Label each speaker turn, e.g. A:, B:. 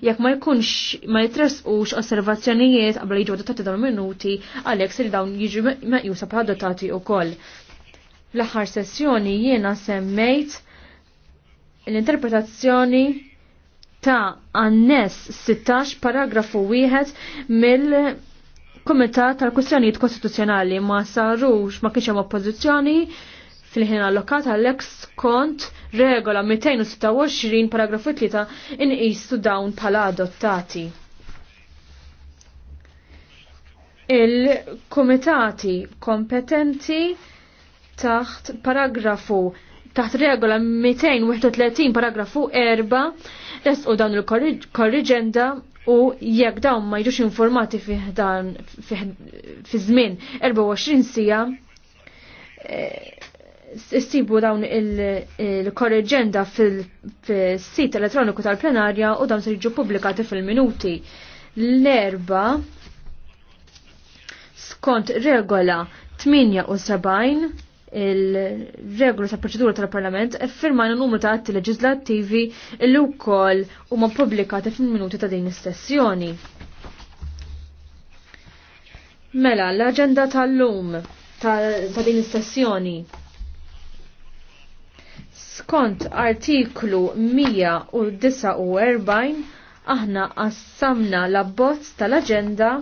A: jekk ma jkunx ma jitresqux osservazzjonijiet għabla jiġu adottati dawn minuti għalek se dawn jiġu meqjusa bħal u wkoll. L-aħħar sessjoni jiena semmejt l-interpretazzjoni ta' annes 16 paragrafu wieħed mill Kumitat tal-Kwistjonijiet Kostituzzjonali ma sarux ma kienx hemm oppożizzjoni fil-ħin allokat għalhekk Kont regola 226 paragrafu 3 inqisu dawn pala adottati. Il-komitati kompetenti taħt paragrafu taħt regola 231 paragrafu 4 resqu dawn il-korriġenda u jekk dawn ma jiġux informati fi żmien 24 sija eh, Istibu dawn il-korreġenda fil-sit elettroniku tal-plenarja u dawn se jiġu pubblikati fil-minuti. L-erba skont regola 78 il-regola ta' proċedura tal-Parlament effirmajna numru ta' atti leġislattivi li wkoll huma publikati fil-minuti ta' din is-sessjoni. Mela, l-aġenda tal-lum ta' din is-sessjoni Skont artiklu 149 aħna qassamna l-abbozz tal-aġenda